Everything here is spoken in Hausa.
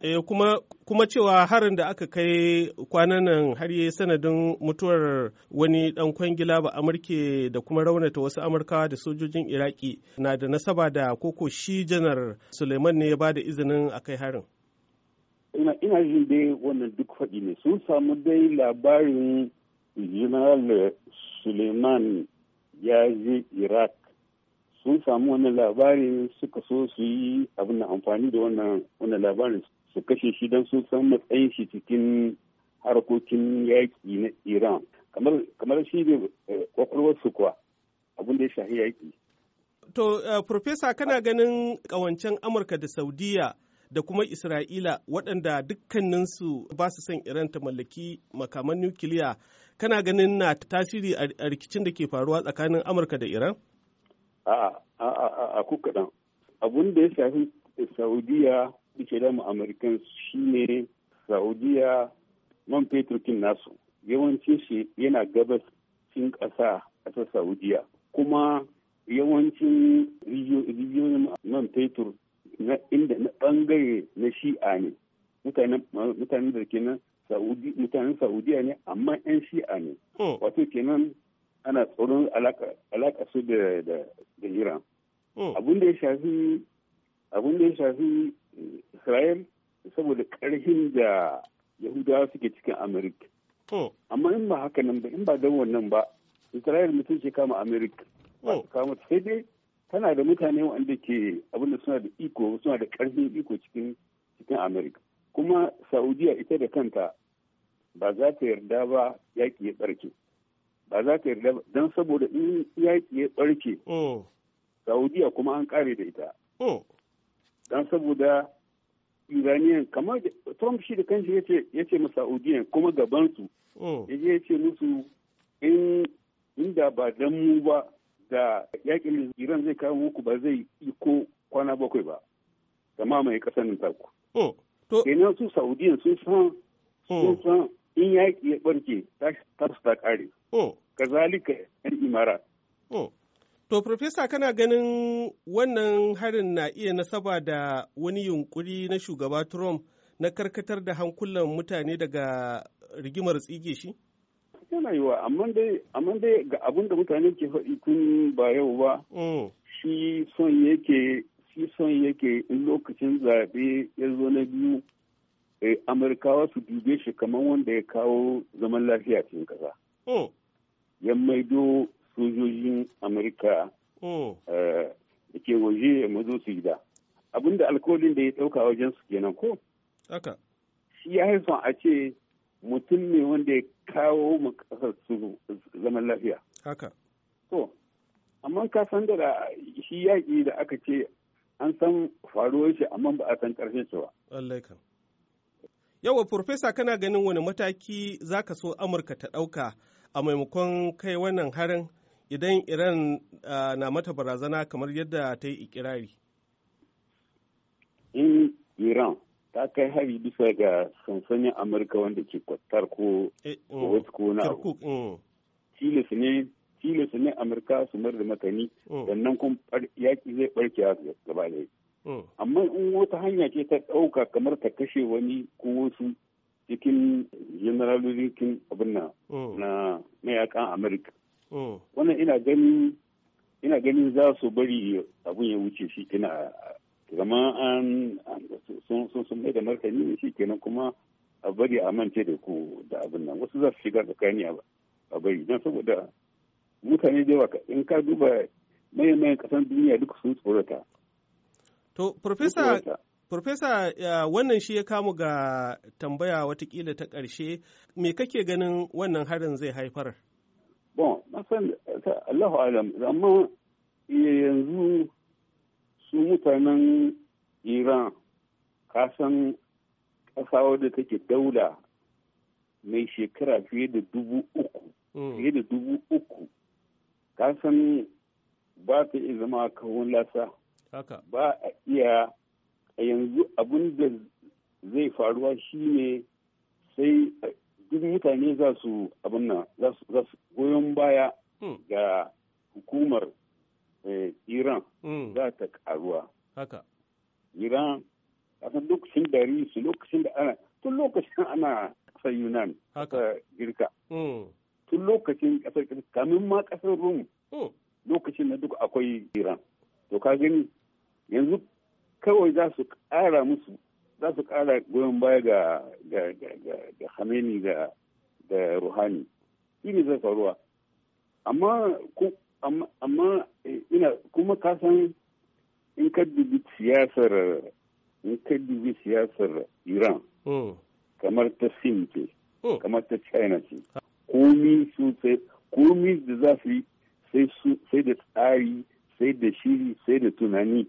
E, kuma, kuma cewa harin da aka kai kwanan nan har yi sanadin mutuwar wani dan kwangila ba amurke da kuma raunata wasu amurkawa da sojojin iraki na da nasaba da koko shi janar suleiman ne ya ba da izinin a kai harin ina ina dai wannan duk faɗi ne sun samu dai labarin general suleiman ya je iraq sun samu wannan labarin suka so su yi abin da amfani da wannan labarin su kashe shi don sun san matsayin shi cikin harkokin yaƙi na iran kamar shi ne kwakwalwarsu eh, kuwa abin da ya shahi yaƙi to eh, profesa kana ganin ƙawancen amurka da saudiya da kuma isra'ila waɗanda dukkaninsu ba su son iran ta mallaki makaman nukiliya kana ganin na tasiri a rikicin da ke faruwa tsakanin amurka da iran a a a a abun da ya shafi saudiya da ke damu amurkan shine saudiya man kin nasu yawancin shi yana cin ƙasa ƙasar saudiya kuma yawancin rijiyoyin man fetur na inda na ɓangare na shi'a ne mutanen da kenan mutanen saudiya ne amma 'yan shi'a ne oh. wato kenan ana tsoron alaka su da iran oh. abin da ya shafi Isra'il saboda ƙarhin da Yahudawa suke cikin Amerika. Amma in ba haka nan ba, in ba don wannan ba, Isra'il mutum ce kama Amerika. Kama sai dai tana da mutane wanda ke abinda suna da iko, suna da ƙarfin iko cikin cikin Amerika. Kuma Saudiya ita da kanta ba za ta yarda ba yaƙi ya ɓarke. Ba za ta yarda ba don saboda in yaƙi ya ɓarke. Saudiya kuma an kare da ita. Don saboda iraniyan kamar trump shi da kanshi ya ce ma saudiyan kuma gabansu oh. ya je ya ce musu in inda ba dan mu ba da yakin iran zai kawo muku ba zai yi ko kwana bakwai ba da mamaye kasar nan taku oh, kenan su saudiyan sun san oh. in yaki ya barke ta su ta ƙare kazalika yan imara To, Profesa, kana ganin wannan harin na iya nasaba da wani yunkuri na shugaba Trump na karkatar da hankulan mutane daga rigimar tsige shi? Yana yiwa, amma dai ga abin da mutane ke faɗi tun ba yau ba, mm. shi son yake shi in lokacin zaɓe ya zo na biyu eh, amurkawa su dube shi kamar wanda ya kawo zaman lafiya cikin kasa mm. Ya maido sojojin amurka oh. eh, da ke waje ya mazo su gida abinda alkolin da ya ɗauka wajen su kenan ko haka shi ya haifan a ce mutum ne wanda ya kawo mu kasar su zaman lafiya haka to amma ka san da shi yaƙi da aka ce an san faruwar shi amma ba a san ƙarshen shi ba yawa kana ganin wani mataki za ka so amurka ta ɗauka a maimakon kai wannan harin idan Iran na mata barazana kamar yadda ta yi ikirari? In Iran ta kai hari bisa ga sansanin Amurka wanda ke kwatar ko eh, mm, wasu ko na mm. Tilis ne tilis ne Amurka su mar da makani mm. sannan kuma yaƙi zai barke gaba da Amma in wata hanya ce ta ɗauka kamar ta kashe wani ko wasu cikin generalolikin abin na mayakan Amurka. Mm. wannan ina ganin ina ganin za su bari abun ya wuce shi kina zama an sun sun mai da martani shi kenan kuma a bari a mance da ku da abin nan wasu za su shiga tsakani a bari don saboda mutane da yawa in ka duba mayan kasan duniya duk sun tsorata to profesa Profesa uh, wannan shi ya kamu ga tambaya watakila ta ƙarshe, me kake ganin wannan harin zai haifar? Bon, san Allahu alam amma yanzu su mutanen Iran kasan ƙasa wadda take daula mai shekara fiye da dubu uku mm. fiye da dubu uku kasan ba ta iya zama kawun lasa ba a iya a yanzu abin da zai faruwa shine sai duk mutane za su abin nan za su goyon baya hmm. ga hukumar eh, iran hmm. za ta karuwa haka iran akan lokacin da su lokacin da ana tun lokacin ana kasar yunan haka girka hmm. tun lokacin kasar kamin ma kasar rum lokacin na duk akwai iran to ka gani yanzu kawai za su kara musu za su kara goyon baya ga ga Khamenei da da Ruhani shi ne zai faruwa amma amma eh, ina kuma ka san in ka dubi siyasar in ka dubi siyasar Iran hmm. kamar ta Sin ce hmm. kamar ta China ce komi su sai komi da za su yi sai da tsari sai da shiri sai da tunani